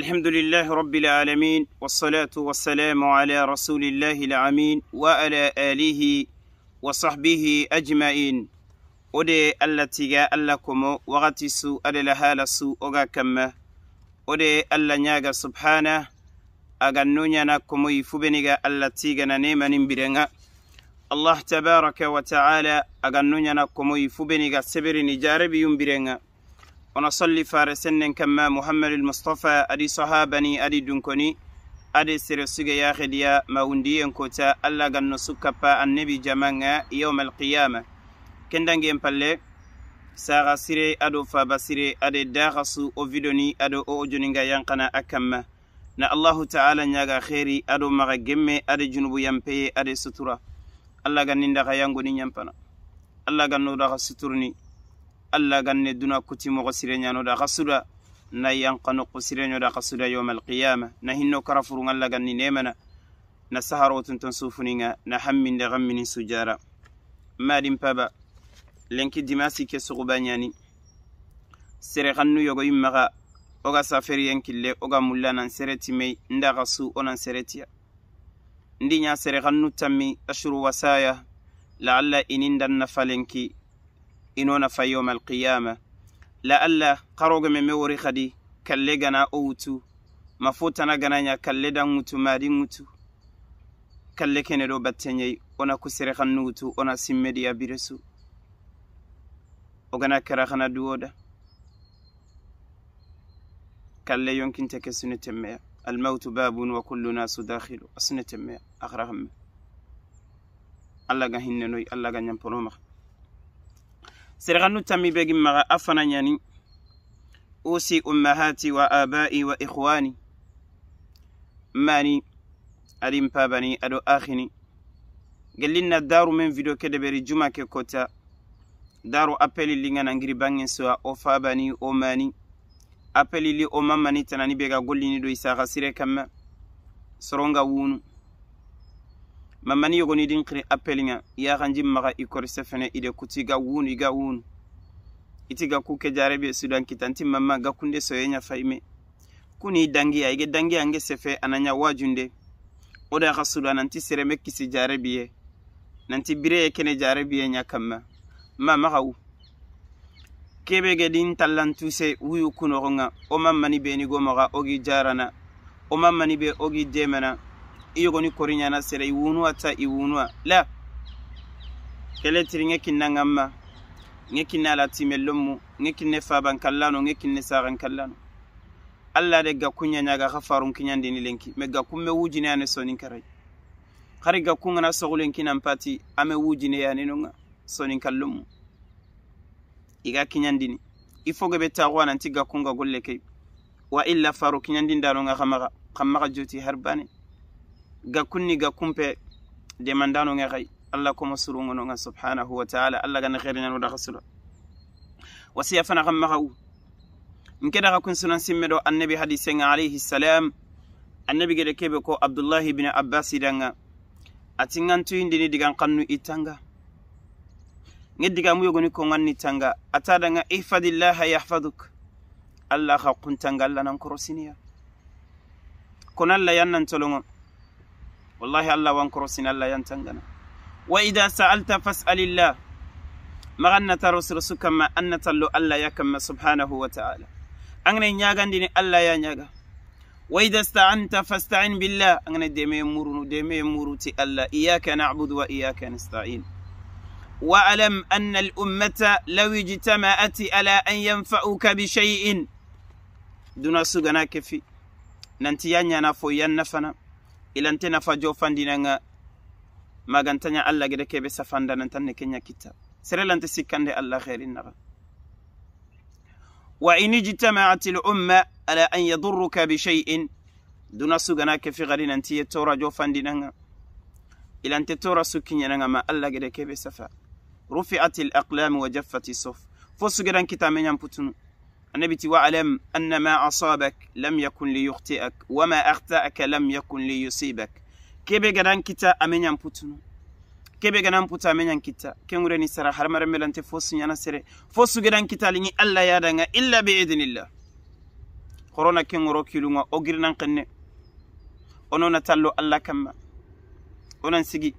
الحمد لله رب العالمين والصلاة والسلام على رسول الله العمين وعلى آله وصحبه أجمعين ودي الله تيغا الله كومو وغتي سو ألي لها لسو أغا كما ودي الله نياغا سبحانه أغا نونينا كومو يفوبنيغا الله تيغا نيما نمبرنا الله تبارك وتعالى أغا نونينا كومو يفوبنيغا سبري نجاربي ينبرنا ono solli faare sennen kamma mouhammadoul moustapha adi sahabani adi dunkoni adi sere suge yahidiya ma wundi en kota allah ganno sukkappa annabi jamanga yawma alqiyama kendangi en palle saha sire ado faba sire ade dahasu o vidoni ado o ojoninga yankana a kamma na allahu taala ñaga heeri ado maga gemme ade junubu yampeye ade sutura allah ganni ndaha yangoni ñampana allah gannodaha suturni allah ganne duna kutimoxo sireñanoɗa xa suda nayi an xa nokku sireñoɗa xa suda yowma alqiyama na hinno karafurun allah ganni nemana na saharotun ton sufuninŋa na hamminde xamminin sujara madin paba lenki dimasi ke suxuba ɲani sere xannu yogo yin maxa oga saferiyen kille oga mulla nan seretimei nda xa su o nan seretiya ndi ɲa sere xannu tammi ashuru wasaya la allah inin dan nafa lenki inona fa yoma alqiyama la alla karoge men me wori kadi kalle gana o wutu ma futana ganaya kalle dan wutu madi wutu kalle kene ɗo batteyey ona kusere hannu wutu ona simmediya biresu o gana kara hana duwoda kalle yonkinte ke sune temmeya almautu babun wa kullu nasu dakhilu a sune temmeya ahra hamme allah ga hinne noyi allah ga ñampolomaha serixannu tami be gin maxa a fana ɲani usi ummahati wa abai wa ixwani mani adin pabani ado axini gellin na daru men video ke deberi juma ke kota daru appelili nga nangiri bangin suwa o fabani o mani appelili o mamani tanani be ga gollini do isaxa sire kanma soronga wunu ma man yogonidin kiri appel ŋa yaxanjin maxa i korise fene ide kuti ga wunu i ga wunu iti ga ku ke jarebe sudan kitanti mama ga kunde soye ɲa fayime kuni i dangi a i ge dangi ange sefe ana ɲa wajunde wo da xa sudan nanti sereme kisi jarebi ye nanti bire ye kene jarebi ye ɲa kanma ma maxawu kebe ge din tallantuse wuyu kunoxo ŋa wo mamani beni go maxa wo gi jarana wo mamani be wo gi demana iyogoni koriyana sere iwunuwa ta iwunuwa la kele tiri ŋe kinna ŋanma ŋe kinna alatime lonmu ŋe kinne fabankallano ŋe kinne sarankallano alla de gakunya nyaga ka farun kinyandini lenki me gakun me wujine yane sonin karai hari gakun ŋana sogulen kinan pati ame wujine yanino ŋa sonin kallonmu iga kinyandini ifoge be tago ananti gakun ga golle kei wa illa faru kinyandin dano ŋa kamaga kammaga joti har bane gakkunni gakkumpe de mandano ngexay allah koma surungononga subhanahu wa taala allah gana xerinanodaxa sura wasiya fana xa maxawu nke daxa kun sunan simme ɗo annabi hadisenga alayhi salam annabi gede keɓe ko abdoulahi bine abbas idanga atingantuyindini digan xannu ittanga nge digamu yogoni konganni tanga atadanga ihfadillaha yahfaduk allah xa quntanga allah nan korosiniya kon allah yannantolongo wallahi allah wankorosin allah yantangana wa ida saalta fasalillah maxannata rosuro sukanma annatallo allah yakanma subhanahu wa taala angana ñagandini allah ya ñaga wa ida staanta fastain billah angana deme murunu deme muruti allah iyaka nabudu wa iyaka nastain waalam anna al ummata law ijtamaat ala an yanfauka bishaiin duna sugana kefi nanti yaññana fo yannafana ilantena fajo fandinaga magantaña allah gede keɓe safandanan tan ne keña kitta serelante sikkande allah herinaa wa in ijtamaat lumma ala an yaduruka bishayin duna sugana ke fihari nantiye tora jo fandinaga ilante tora sukkiñanaga ma allah gede keɓe safa rufiat laqlam wa jaffati sof fo sugedan kitameñan putunu annabi ti waalam anna ma asabak lam yakun liyuhtiak wa ma akhtaaka lam yakun liyusibak kebe gadan kita ameñan putunu kebe gadan putu ameñan kita kenwureni sara harmaren belante fo suñana sere fo sugedan kitaliñi allah yadanga illa be idinillah horona kenworo kilunga o girnan qenne onona tallo allah kamma onan sigi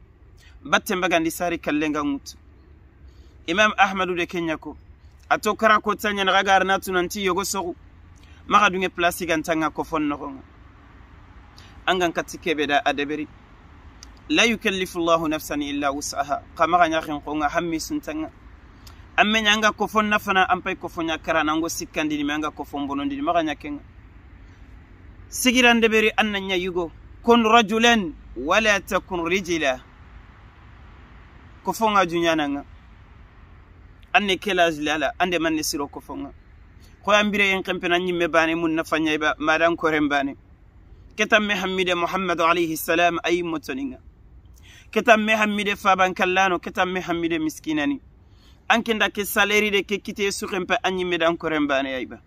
batte mbagandi sari kallenga ŋutu imam ahmadu de kenya ko a tokara kotanyana ga garna tunanti yogo soru maga dunge place gan tanga ko fon nogon angan katti kebe da adeberi la yukallifu llahu nafsan illa wusaha kamaga nyakhin konga hammi suntanga amme nyanga ko fon nafana ampay ko fonya karana ngo sikkandi ni manga ko fon bonondi ni maga nyakenga sigiran deberi annan nya yugo kun rajulan wala takun rijila ko fonga junyananga anne kelage le ala ande manne siro ko foŋa hoyambire en kempenan yimme bane mum nafanñayba madan koren bane ketanme hammide mouhammadou alayhisalam a yimmo toniŋa ketanme hammide fabankallano ketanme hammide miskinani ankenda ke saleri de ke kite sukenpe a yimme dan koren bane yayba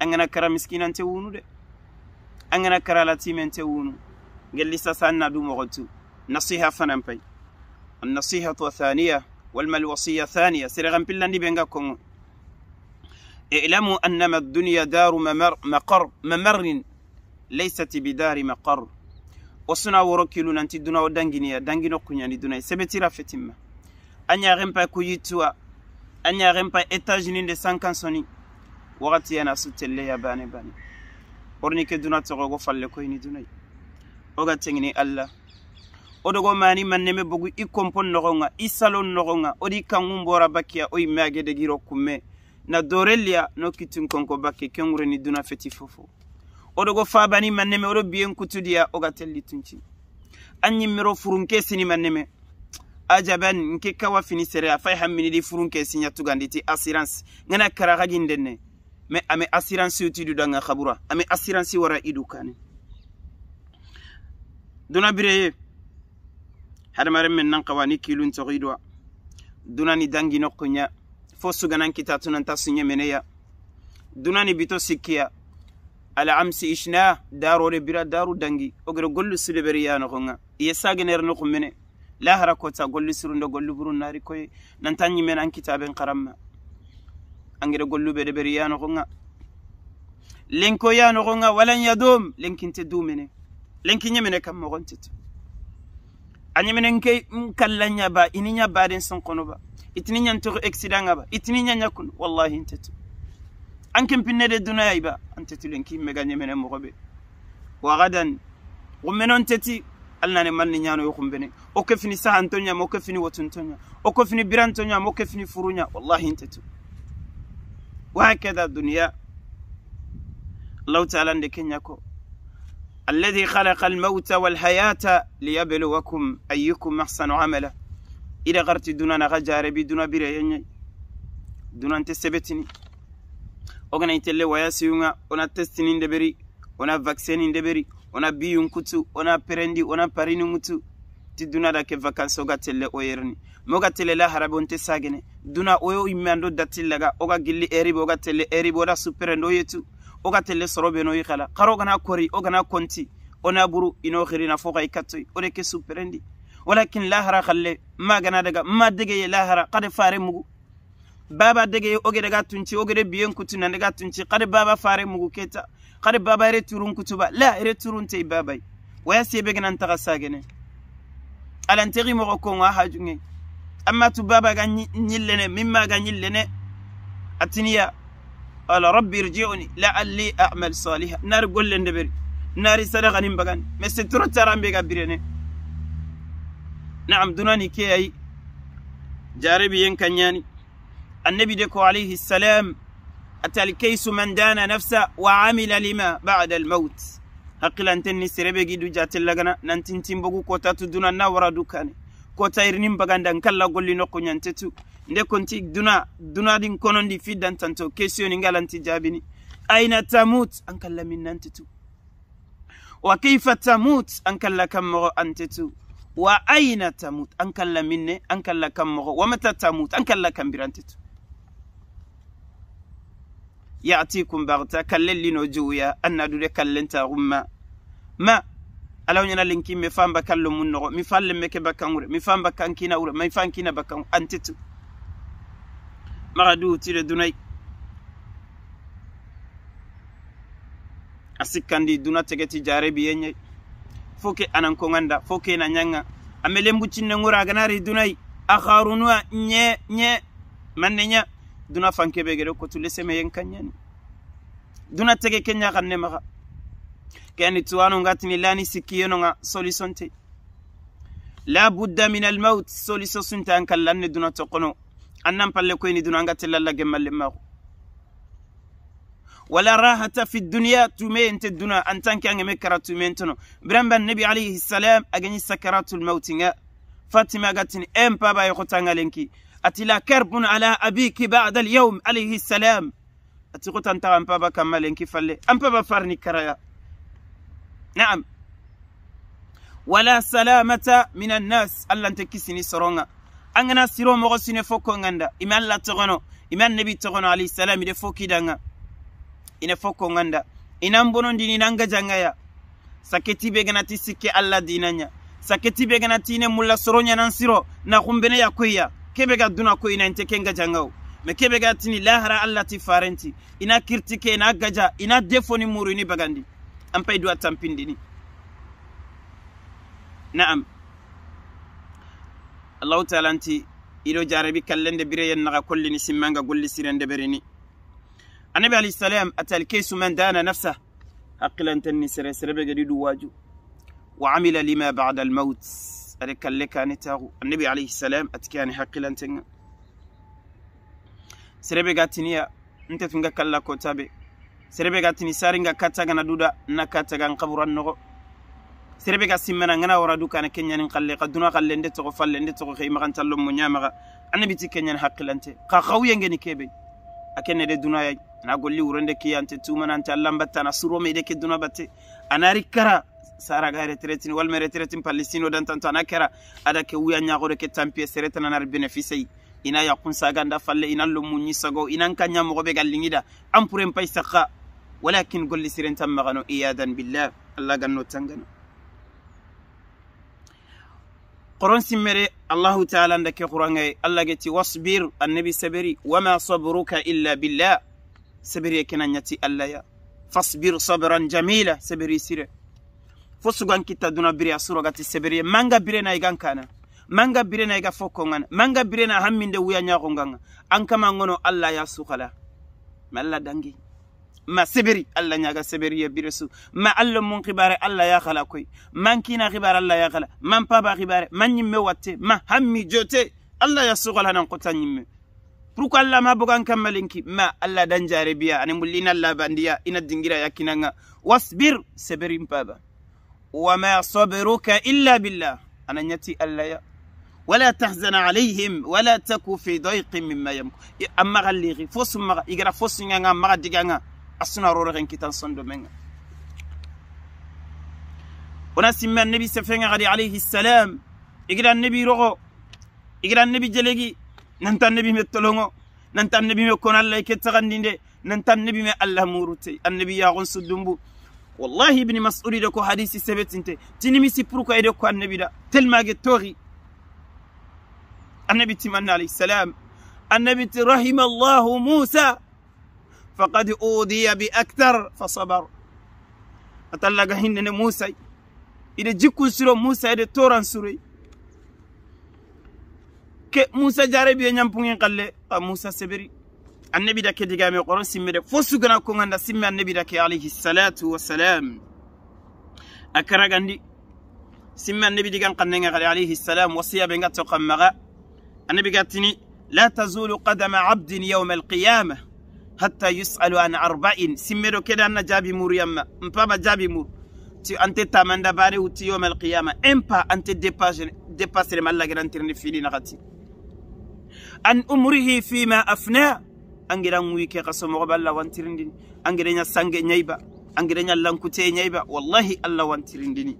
a gana kara miskinante wunu de a gana kara latimente wunu gellisa sanna du mogo tu nasiha fanan pay annasihatu athaniya walma alwasiya thaniya sérekhan pilandi ɓe ngakkongo ilamu annama adunia daru maar mamarrin leysat bidari maqar wo suna woro kilu nanti duna wo danguiniya danguino kuñani dunaye sebetira fetinma a ñaxenpa kuyittuwa a ñaxenpa étagenis de sankansoni waxati yana sutelleya bane bane ornike duna toxogo falle koyni dunaye oga tengini allah odogo mani manneme bogu i kompon nogonŋa i salon nogonŋa odi kanŋun bora bakkiya o imeage degiro kunme na dorelliya no kittun konko bakke ken wureni duna feti fofo odogo fabani manneme odo biyen kutudiya oga telli tunci an yimmiro furunke sini manneme ajaban nke kawa fini sere a fay hamminidi furunke sinyatuganditi assurance ngana karagaginndenne mais ame assurance uti dudanga habura ame assurance wara idu kane dona bireye hadamaren men nan kawani kilun tokiduwa dunani dangi nokkunya fo suganan kita tunan tasunya meneya dunani bito sikkiya ala amsi ishna daro de bira daru dangi ogere gollu sude beri ya nokonga iye sagenere er nokun mene lahara kota gollu surundo gollu burun nari koy nan tanyi men an kitaben karamma angere gollu bede beri ya nokonga lenko ya nokonga walan yadum lenkinte dumene lenkinye mene kam mogontete a ñaminen ke um mm, kalla ñaba ini ñabaden sonkonoba itini ñantoxo excident ŋaba itini ñañakun wallahi ntetu an kempinnede dunayayiba antetulen kimmega ñemene moxobe waxadan xummenon teti alnane malni ñanoyo xumbene wo ke fini sahanto ñam wo ke fini watunto ñam wo ke fini biranto ñam wo ke fini furu ña wallahi ntetu wahakeda duniya allahu taala nde kenñako alladi halaqa almauta walhayata liyabluwakum ayukum ahsanu amala ida garti dunan aga jarebi duna bire yeyay dunante sebetini oganaitelle wayasiyunga ona testinindeberi ona vaccininndeberi ona biyunkutu ona perendi ona parinumutu ti dunada ke vacance oga telle o yerni moga telle la harabe onte sagene duna oyo immeando dattillaga oga gilli eribe oga telle eribe oda superende o yetu oga telle sorobe no yixala xar ogana kori ogana konti ona buru ino xirina fo xay kattoy ode ke supprendi walakin lahara xalle magana daga ma degeye lahara xade fare mugu baba degeye oge daga tunci ogede biyen kutuna daga tunci xade baba fare mugu keta xade baba ere turun kutuba la ere turuntey babay waya siyebe ge nantaxa sagene alantexi moxo kon a hajunge amma tu baba ga ñillene min maga ñillene atiniya ala rabbi rjiuni laalli amal saliha nari golle ndeɓeri nari sadaka nin bagani mais c'est trop carambe ga birene naam dunani keyayi jarebi yen kanñani annabi de ko alayhi salam atal kaysu man dana nafsa wa amila lima bada almaut haqqilanten ni serebe gi du jatella gana nantintin bogu kota tu dunan na wara dukane kota irinin bagandan kalla golli nokko ñantetu nde konti duna duna ɗin kono ndi fiddan tan to question ni ngalanti jaabini aina tamut an kalla min nante tu wa kaifa tamut an kalla kam mogo ante tu wa aina tamut an kalla minne an kalla kam mogo wamata tamut an kalla kambirante tu yatikum barta kallel lino juuya annadude kallenta rumma ma ala wñana lenki mi fa mbakallo mun nogo mi fa lemme ke bakkan wure mi fa mbakkan kina wure mi fa kina bakkan antetu maxa duutile dunay a sikkandi duna tegeti jarebi yeñay fo ke anan koganda fo ke na ñanga a me lembucinne ngora ganari dunay a xarunuwa ñe ñe manne ña duna fankebe gede kotu leseme yen kanñani duna tege ke ña xan ne maxa ke ani tuwanongatini lani sikki yenonga solution te la budda min almaut solution sunte an kallan ne duna toqono annan palle koyni dun anga tellalla gemmalle mako ولا راحة في الدنيا تمين تدنا أن تانك أن يعني مكرة تومين تنو برنبا النبي عليه السلام أجني سكرات الموت فاطمة قالتني أم بابا يخطان لنكي أتلا كرب على أبيك بعد اليوم عليه السلام أتقول أنت أم بابا كمال لنكي فلي أم بابا فارني كرايا نعم ولا سلامة من الناس ألا أنت كسني سرونا an gana siro mogo sine fokko ganda ime allah togono ime annabi togono alayhisalam ide fokidanga ine fokko ganda inan bonondini nanga jangaya sakketi be ganati sikke allah dinanya sakketi be ganati ine mulla soroyanan siro na humbene yakoyya kebe ga duna ko inainte kenga jangawu ma kebe ga tini lahara allah ti farenti ina kirtike ina gaja ina defoni muru ini bagandi an pay duwa tampindini naam allahu taala nti iɗo jarabi kallende bireyen naga kollini simmanga golli sirende ɓerini annabi alayhi salam atal kesu man dana nafsa haqqilantanni sere sereɓege ɗiɗu waju wa amila lima bada almaut aɗe kalle kane tagu annabi alayhi salam atikeani haqqilantenga serebe gatiniya ntetunga kalla kotaɓe serebe gatini saringa kattagana ɗuɗa na kattaga n kaburannogo serebe ga simmena ngana wara du kana kenyani qalle ka duna qalle nde to falle nde to ko xey maxan tallo mo nyamaga anabi ti kenyani haqqilante ka khawye ngeni kebe akene de duna ya na golli wurende kiyante tumana anta allah batta na suro me de ke duna batte anari kara sara ga retreat ni wal retreat ni palestine odan tanto anakera ada ke wuya nya gore ke tampie seretan anar benefice ina ya kun saga nda falle ina lo munyi sago ina kanya mo be gallingida ampure mpaysaqa walakin golli sirentam magano iyadan billah allah ganno tangana qoron simmere allahu taala nda ke xuranga ye allah geti wasbir annabi saberi wama sabruka illa billah saberi ye kena ñati allah ya fasbir sabran jamila saberi e sire fo sugan kitta duna biri a surogati saberi ye manga birena i gan kana manga birena i ga fokkongana manga birena hamminde wuya ñaxonganga an kama ngono allah ya suxala ma allah dangi ma sébéri allah ñaga sébéri yobbire su ma allah mum xibare allah yahala koy man kina xibare allah yahala man paba xibare man ñimme watte ma hammi jote allah ya sugolanan kota ñimme pourquoi allah ma bogan kammalenki ma allah danjare biya ani mulli ina allah bandiya ina dingira yakkinanga wasbir séberin paba wama sobruka illa billah ana ñatti allah ya wala tahzana alayhim wala taku fi doyqin mimma yamko amma xa liixi fo summaxa igara fo suñanga maxa diganga asuna roro ken kitan sondo menga ona simma annabi sefenga ali alayhi salam igira annabi rogo igira annabi jelegi nanta annabi metolongo tolongo nanta annabi me konallay kettagandinde nanta annabi me allah murutey annabi yagon suddumbu wallahi ibni mas'udi da ko hadisi sebetinte tinimisi pourquoi ede ko annabi da tellement ge tori annabi timanna alayhi salam annabi ti rahima allahu musa faqad uudiya bi actar fa sabar a tallaga hinde nde musay ide jikku suro musa ede toran suroy ke musa jare biye ñampugin qalle a musa seberi annabi dake digame qoro simmede fo sugana ko ganda simme annabi dake alayhi salatu wasalam a karagandi simme annabi digan qannege xade alayhi salam wasiyaɓe ngatto kam maxa annabi gattini la tazulu qadama abdin yauma alqiyama hatta yusalu an arba'in simmeɗo keɗe anna jaabi muru yamma um pama jaabi muru ti ante tamanda bare wutti yoma alqiyama un pa ante dépassere ma allahgeɗantirani fili nahati an umrihi fima afna angeɗan wike ka somogoɓe allah wantirindini angeɗaña sangue ñayba angeɗaña lankute e ñayba wallahi allah wantirindini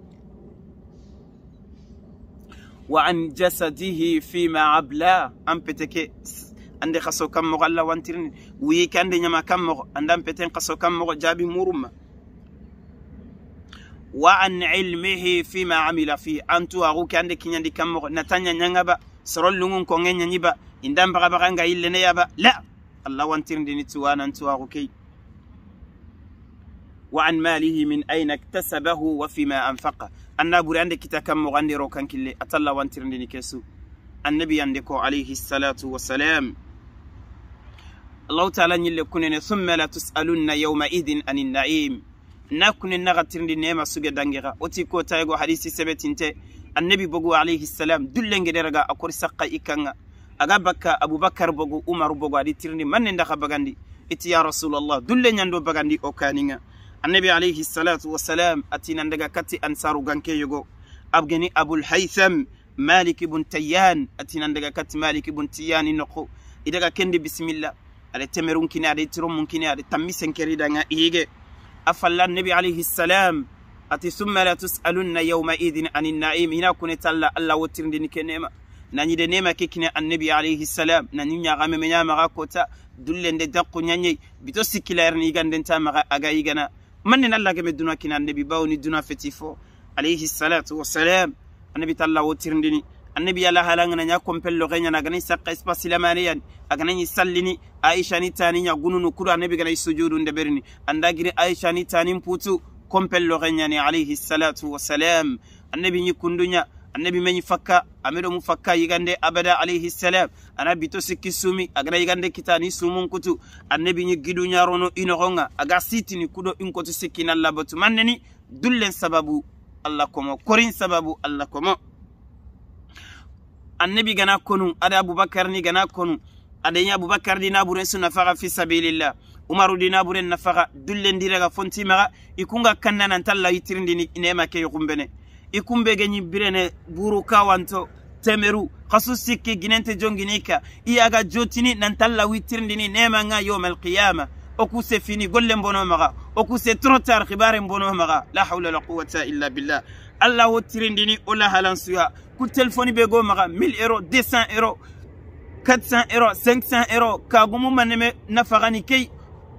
wa an jasadihi fima abla an peteke ande xa soo kammoxo allah wantirini wuyiike ande ñama kammoxo andan peten xa soo kammoxo jaabi murunma wa an ilmihi fi ma amila fi antu axuke ande kiñandi kammoxo natanña ñangaba soron lungun konge ñañiba indan baxabaxanga yillenayaba la allah wantirindini tuwanantu axukey wa an malihi min aina ktasabahu wa fi ma anfaqa anna buri ande kita kammoxo ande ro kan kille atalla wantirindini kesu annabi ande ko alayhi salatu wasalam allahu taala ñille kunene summa la tusalunna yawma idin ani naim na kune naxatirndi nema suge dangexa woti ko tayego hadisi sebe tinte annabi bogu alayhisalam dulle ngeɗeraga a kori sakka i kanga aga bakka aboubacar bogu umaru bogu aɗi tirndi manne ndaxa bagandi iti ya rasulallah dulle ñando bagandi o kaninga annabi alayhisalatu wasalam atinandaga kati ansaru gankeyogo abgeni aboulhaytham malik ibun tayyan atinandaga kati malik ibun tiyani noku idaga kendi bisimillah aɗa temerum kini aɗa tirumum kini aɗa tammi senkeridaga iige a falla annabi alayhissalam ati summa la tusalunna yaumaidin ani naim hina kune talla allah wotirdini ke nema nañide nema ke kine annabi alayhissalam nani ñagameme ñamaga kota dullende dakku ñañey bito sikkilayerni yigandentamaga aga yigana mannen allah geme duna kine annabi bawni duna feti fo alayhissalatu wassalam annabi talla wotirdini annabi yala halangana nya kompello genya na gani sakka espace lamani yan agana ni sallini aisha ni tani nya gununu kuru annabi gani sujudu nde berini anda giri aisha ni tani putu kompello genya ni alayhi salatu wassalam annabi ni kundunya annabi meni fakka amedo mu fakka yigande abada alayhi salam annabi to sikki sumi agana yigande kitani sumun kutu annabi ni gidu nya rono ino honga aga sitini kudo inko to sikki nalla batu manneni dullen sababu allah komo korin sababu allah komo annabi gana konu ada aboubacar ni gana konu adañi aboubacar di naburen su nafaxa fi sabilillah umaru di naburen nafaxa dullendiraga fontimaxa i kunga kanna nantalla yitirindini inema ke yuxumbene i kumbe geñi birene buru kawanto temeru xasu sikki ginente jonginika i aga jotini nantalla witirindini nemanga yaume alqiyama oku se fini golle mbono maxa oku se trop tard xibare mbono maxa la hawla la quwata illa billah allah wo tirindini o lahalansuya ku telefoni be maga 1000 euro 200 euro 400 euro 500 euro kagumu maneme nafagani kei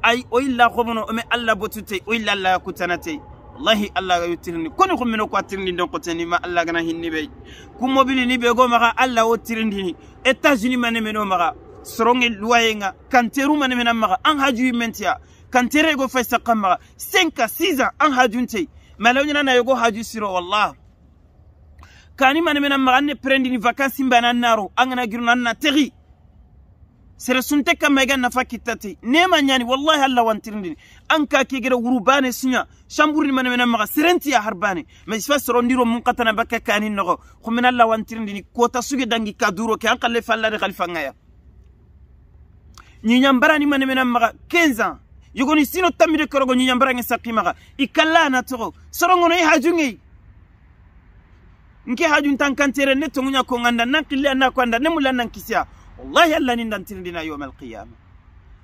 ay o la romano ome allah botute o la la kutanate wallahi allah ga yutirindi koni xummino ko a ma allah gana hinni be ku mobili ni be maga allah tirindini maneme no maga soronge luwayenga kanteru maneme nan maga an haju mentiya kantere go faysa kam maga 6 an malaw nyana na yogo haju siro wallah kani man mena maganne prendi ni vacances mbana naro angana giru nan na tegi sere sunte kamma iga nafa kittati nema ñani wallahi alla wantirindi anka ka gira wuru bane suña chamburni mane mena maxa serentiya harbane ma mais fa ndiro mun xatana bakka kani noxo alla wantirindi wantirindini kota sugi dangi kaduro ka duro ke an xalle fallade xalifangaya ñiñambarani mane mena maxa 15 ans yogoni sino tammide korogo ñiñambarange sakkimaxa i kallana toxo sorongono i hajungei nke hajuntan kantere ne toguña ko ganda nan xille a na ko anda ne mulla nan kisiya wallahi allah ni dantirindina yoma alqiyama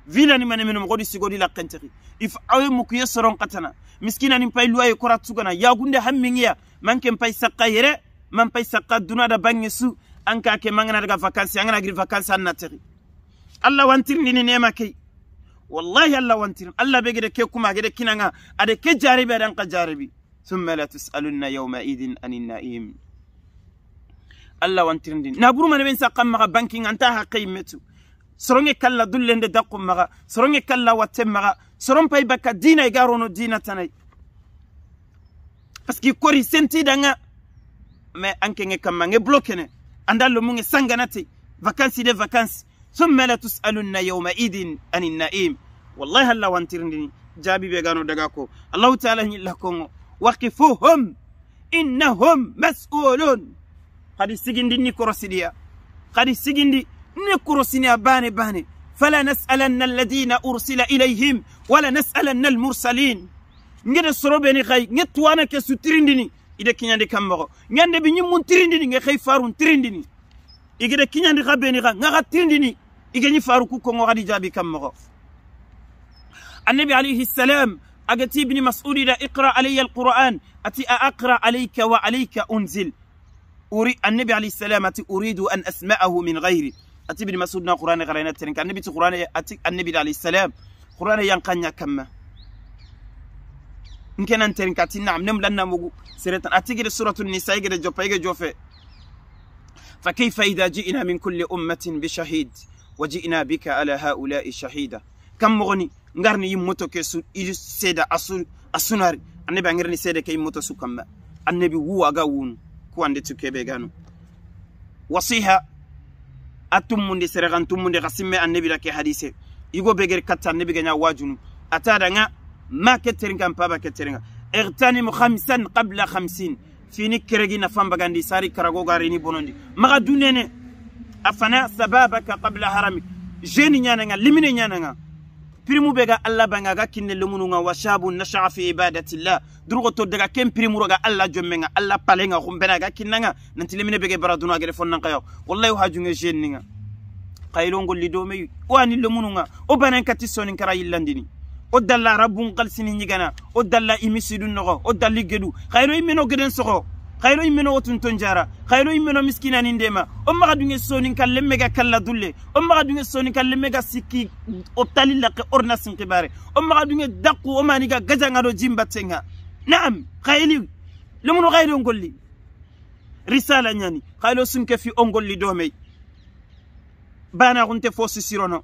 vinani manemeno moxodi sigodi lakkentexi if awe mukuye soron xatana miskinanin pay luwaye korat sugana yagunde hammingeya manke pay sakka yere man pay sakka dunada bange su an ka ke mangana daga vacance angana giri vacance an natexi allah wantirindini nema key wallahi allah wantiran allah be gede ke kuma gede kinaga ade ke jarebi aɗan ka jarebi summa la tusalunna yaumaidin ani naim allah wantiran din naburuma neɓen sakkan maga banki anta haqe yimmetu soroge kalla dullende dakku maga soroge kalla watte maga soron pay bakka dina e garono dina tanay par ce que kori sentidanga mais ankege kamma ge bloke ne anda lomuge sanganate vacance de vacance summa la tusalunna yauma idin ani naim wallahi halla wantirdini jaabi ɓe gano daga ko allahu taala ñillakkongo waqifuhum innahum masulun kadi sigindi ni korosiɗiya kadi sigindi ni korosiniya bane bane fala nasalanna alladina ursila ilayhim wala nasalanna almursalin ngede soroɓeni hay ge tuwana ke sutirindini ide kiñandi kammoxo ñande ɓe ñimmun tirindini ge hay farun tirindini igede kiñandi xa beni xa ga xa tirindini igani faru ku kongo gadi jabi kam mogo annabi alayhi salam agati ibn mas'ud da iqra alayya alquran ati aqra alayka wa alayka unzil uri annabi alayhi salam ati uridu an asma'ahu min ghayri ati ibn mas'ud na quran qara'ina tirinka annabi ti quran ati annabi alayhi salam quran yanqanya kamma nkenan tirinka ti na'am nem lanna mugu siratan ati gida suratul nisa gida jopa gida jofe فكيف إذا جئنا من كل أمة بشهيد wa jina bika ala haulai shahida kammo goni garni yimmoto ke su i seeda a sunari annabi a garni seeda ke yimmoto su kamma annabi wu aga wunu kuwande tukkeɓe gano wasiha a tummundi seregan tummundi ga simme annabi da ke hadise yigo begeri katta annabi ganya wajunu atada nga ma ketteringa mpaba ketteringa irtanimu hamsan qabla hamsin fini keregi nafambagandi sari karagogarini bonondi maga dunene afana sababaka qabla haramik jeni ñananga limine ñananga pirimu be ga alla banga ga kinne lemununga wa shabu nasha'a fi ibadatillah durgo to daga ken pirimu ga alla jommenga alla palenga humbena ga kinnanga nanti limine be ge baraduna gere fonnan qayo wallahi hajunga jenninga qaylon golli do meyi o ani lemununga o banan kati sonin kara yillandini o dalla rabbun qalsini ñigana o dalla imisidu nogo o dalli gedu qaylo imino geden sogo khayro immeno wotun ton jara khayro immeno miskinani ndema o maga dunge soni kallemme ga kalla dulle o maga dunge soni kallemme ga sikki optali laqe ornasin qibare o maga dunge daqu o mani ga gajanga do jimbatsenga naam khayli lumunu khayro ngolli risala nyani khaylo sunke fi ongolli do bana gunte fosi sirono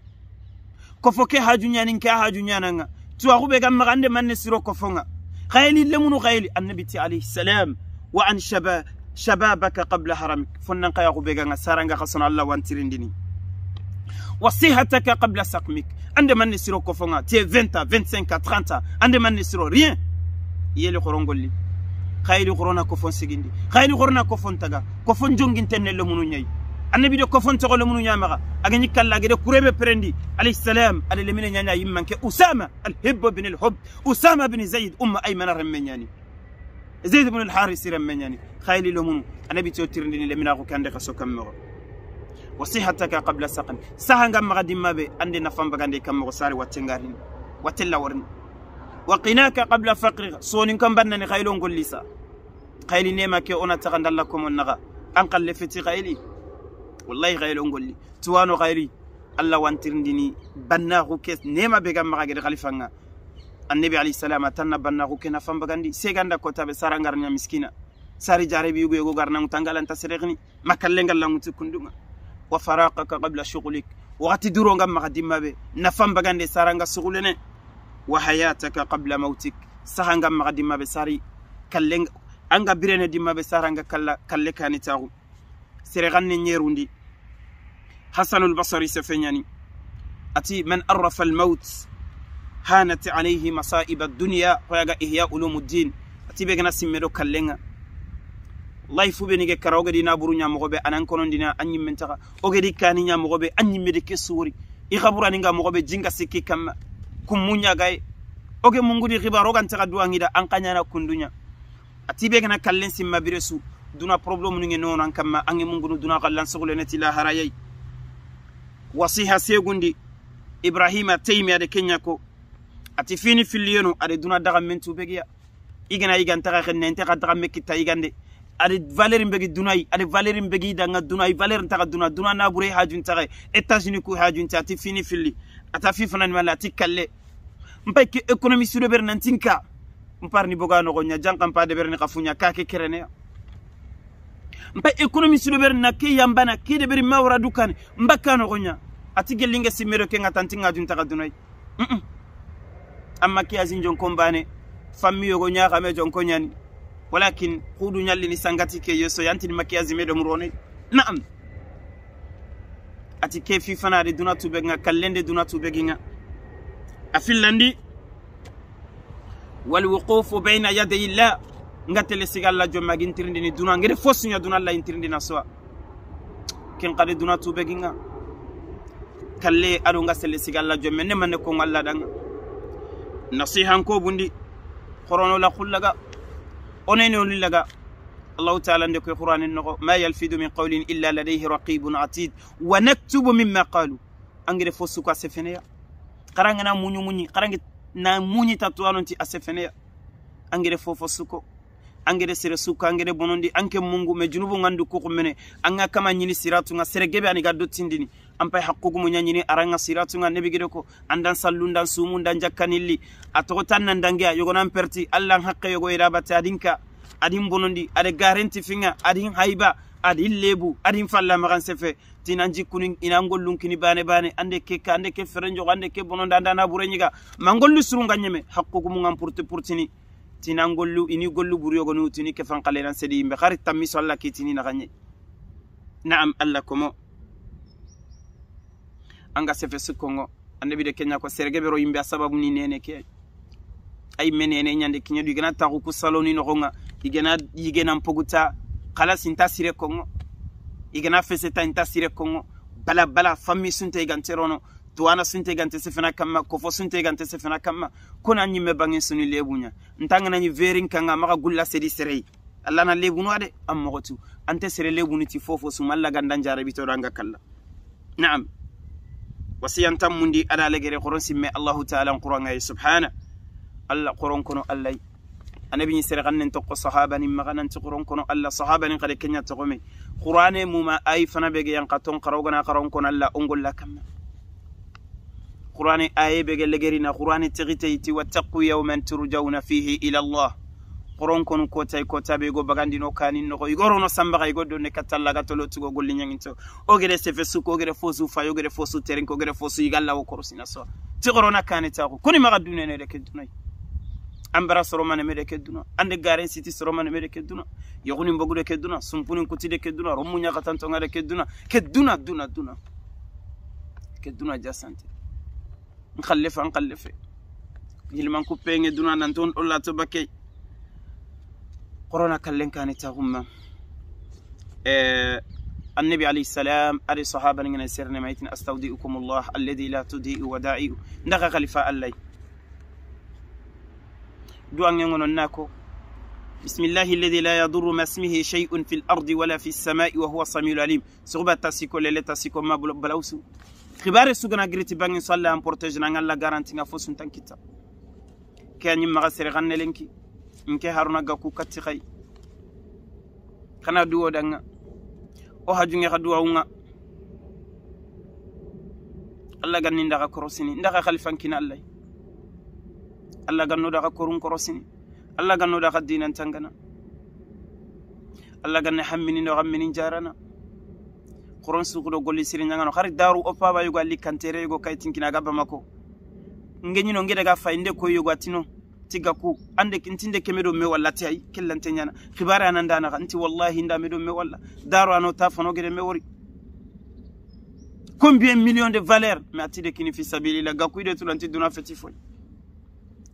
ko foke haju nyani ka haju nyananga tuwa gube ga magande manne siro ko fonga khayli khayli annabi ti alayhi salam وعن شباب شبابك قبل هرمك فنن قيا قبيغا سارنغا خسن الله وانترندني وصيحتك قبل سقمك عندما نسيرو كوفونغا تي 20 25 30 عندما نسيرو ريان يلي خورونغولي خايلي خورنا كوفون سيغندي خايلي خورنا كوفون تاغا كوفون جونغينتن لمونو نيي annabi de kofon togo le munu nyamaga aga ni kala gede kurebe prendi alayhi salam ale lemine nyanya yimman ke usama الحب hibb bin al hub usama bin زيد بن الحارث رمين يعني خايل لهم أنا بتوتر لي لمن أقو كان دخل سكم مغر وصحتك قبل سقم سهن غم غادي ما بي عندي نفهم بغاندي كم غساري واتنغارين واتلا ورن وقناك قبل فقر صوني كم بنني خايلون قل لي سا خايل نيما كي أنا تغند لكم النغا أنقل لفتي خيلي والله خايلون قل لي توانو خايلي الله وانترندني بناغو كيس نيما بيغام مغاقر خليفه annabi alayhi salam a tanna bannaku kena fambagandi seganda kotaɓe sara garña miskina sari jarebi yuguyogo garnagu tangalanta sereni makallengallagu tikkunduga wa faraqaka qabla shugulik wakati durongam maka dimmaɓe nafambagande saranga sugulene wa hayataka qabla mautik sahangam maka dimmaɓe sari kalleng anga birene dimmaɓe saranga kalla kalle kanitagu seregan ne ñerundi hasanul basari sefeñani ati man arafa almaut hanat alayhi masaiba duniya hoyaga ihya ulumuddin atiɓe gana simme ɗo kallega wallahi fu ɓe nige karawoge ɗina buru ñamogoɓe anan konondina a ñimmen taxa ogedi kani ñamogoɓe a ñimmede ke suwori i xaburaniga mogoɓe jinga sikki kamma kum muñagaye oge mungudi xibar ogantaxa duwangida an xañana kunduña atiɓe gana kallen simma bire su duna probléme nuge nonan kamma ange mungunu duna xallansoxulenati laharayay wasiha segundi ibrahima taymi ade kenñako ati fini filliyeno ade duna daga mentu begiya igana igan taga xenne nte xa daga mekitta igande ade valerin begi dunai ade valerin begi danga dunai valerin taga duna duna nabure hajun taga etats-unis ku hajun ta ati fini filli ata fi fanani mala ati kalle mpai ke économie sudo ber nantinka mpar ni boga nogo nya jankan pa de ber ni kafunya ka ke kerene mpai économie sudo ber na ke yambana ke de ber mawra dukan mbaka nogo nya ati gelinga simero ke ngatantinga jun taga dunai mm -mm. amma kiyasin jon kombane fammiyogo ñaakame jon ko ñani walakin kuudu ñallini sangati keyo so yantini makiyasi meɗom rone naam ati ke fifanade duna tuɓe ga kallende duna tuɓe giga a fillandi walwukufu beyna yadey illah ngatele sigallah jomma gintirdini duna gede fosuña duna allah intirdina sowa kin kade duna tuɓe giga kalle aɗo ga selle sigallah jomme ne manne kon allah ɗaga nasihanko bundi horonola kullaga onenolillaga allahu taala nde koye qurani nogo ma yalfidu min qawlin illa ladayhi raqibun atid wa naktubu minma qalu angede fo suka sefeneya karange na muñu muñi karange na muñi tatuwanonti a sefeneya angede fofo suko angede sere suka angede bonondi anke mungu ma junubu ngandu kuku mene anga kama ñini siratunga sere gebe ani ga dottindini an pay hakkugu mu ñañini aranga siratuga nebigide ko andan sallundan sumundan jakkanilli a togo tanna dangue a yogonan perti allah n hakke yogo yeda batte adinka adin bonondi ada garenti finga adin hayba adin lebu adin falla magan sefe tinan jikkuni inan gollunkini bane bane ande kekka ande ke ferenjogo ande ke bonondi andana bureñiga ma gollu surunga ñeme hakkugu mugan purti purtini tinan gollu ini gollu buri yogoni utini kefan kalenan seedi yimɓe hari tammiso allah kitini naganñe naam allah komo anga sefe sikko ngo annabide keña ko serge ɓero yimɓe a sababu ni nene keeƴ ay menene ñande kiñaɗu igana taxu ku saloni noxonga igana yigenan poguta xalas inta sire kongo igana feseta inta sire kongo bala bala famille sunte iganterono duwana sunte igante sefena kamma kofo sunte igante sefena kamma kona ñimme bangin suni lebuña nta ŋanañi verin kanga maxa gulla sedi serei alla na lebunu a de an moxotu ante sere lebunuti fofo sum allah gandanjarabitoɗo anga kalla naam wasiyantan mundi ala alagere koron simme allahu taala nkurangaye subhana allah koron kono allay anabiñi sere xan nen toqo sahabanin maxa nanti xuron kono allah sahabanin xade keña toxome xurane muma ayi fana bege yan xa ton xarogana xaron kono allah o ngolla kamma xurane aye bege legerina xurane tixite yiti wattaqu yauman turjauna fihi ila allah qoron kono kota e kota be go bagandi no kani no go igoro no samba ga igodo ne katalla ga tolo tugo golli nyanginto o gere se fesu ko gere fosu fa yo gere fosu teren ko gere fosu igalla wo korosina so ti gorona kani ta ko kuni maga dunne ne de kedunai ambara soromane mede kedduna ande garen siti soromane mede kedduna yogunin bogude kedduna sumpunin kutide kedduna rommu ñakatantongade kedduna kedduna duna duna kedduna jasante nkallefe ankallefe yilman kuppenge duna nanton ɗollato bakkey قرونا كلن كانت هم آه، النبي عليه السلام أري صحابة نجنا سيرنا ميتين أستودئكم الله الذي لا تدي ودائي نغا غلفاء اللي دو دوان ينغنوناكو بسم الله الذي لا يضر ما اسمه شيء في الأرض ولا في السماء وهو السميع العليم سغبا تاسيكو ليلة تاسيكو ما بلوسو خبار سوغنا غريتي بان صلى أن بورتجنا أن الله غارانتي نغا فوسن تنكتا كان يمغسر غنى لنكي nke haruna gakku katti xay xana duwo danga o hajunge xa duwawunga allah ganni ndaxa korosini ndaxa xalifankina allay allah ganno daxa korun korosini allah ganno daxa dinantangana allah ganna xamminino xammini jarana xuron suxudo golli sirinjangano xari daru o paba yogo a likkantere yogo kaytinkinaga bamako ngeñino ngedaga fayinde koy yogo a tino tigga ku ande ntinde keme ɗo me walla te ay kellante ñana xibare anandanaxa nti wallahi ndame ɗo me walla daro ano ta fonogede me wori combien million de valeur ma atide kini fi sabilillah gakuide tulanti duna feti foy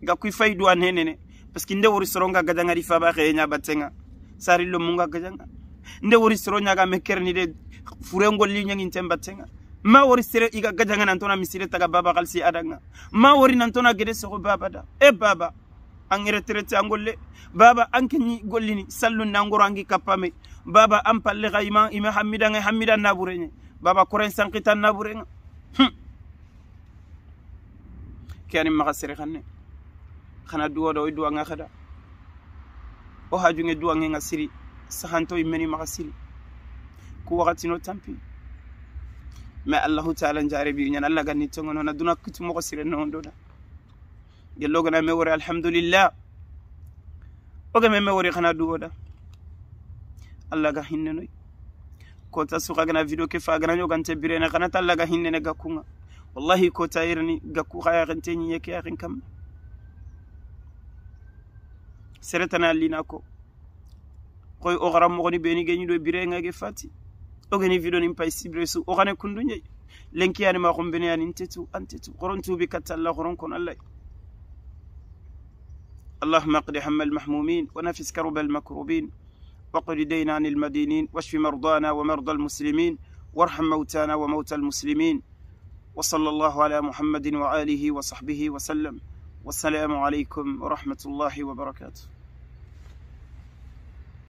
gakui fayi duwa nenene parce que nde wori soronga gadanga ɗi faba xeye ñabattenga sarillo munga gadanga nde wori soro ñaga me kernide furengolli ñaginten battenga ma wori sere iga gadanga nantona misire taga baba xalsi adanga ma wori nantona gede soxo babada e baba an retraité a golle baba an keñi gollini sallun nangoro angi kappame baba an palle ga ima ime hammidanga hammidan nabureñe baba koren sankitan naburenga hm. ke anin maxa sere xanne xana duwa da oy duwanga xeda o hajunge duwangenga siri saxanto immeni maxa siri ku waxatino tampi mais allahu taala njarebi ñana allah gannittongonona duna kitu moxo sirenoondona jellogana me wori alhamdulillah oga me me wori xana duwoɗa allah ga hinnenoy ko ta suxa gana vidéo ke fa gana ñogante birene xanata allah ga hinnene gakkunga wallahi ko ta yirani gakku xayaxente ñiñe ke yaxin kam seretana lina ko xoy oxara moxoni ɓeni geñiɗo birengage fati ogani vidéo nin pay sibresu oxane kundu ñei lenki yanima xumbeneyanin tetu an tetu xoron tuubi kattalla xoron kon allay اللهم اقض هم المحمومين ونفس كرب المكروبين وقل دينا عن المدينين واشف مرضانا ومرضى المسلمين وارحم موتانا وموتى المسلمين وصلى الله على محمد وآله وصحبه وسلم والسلام عليكم ورحمة الله وبركاته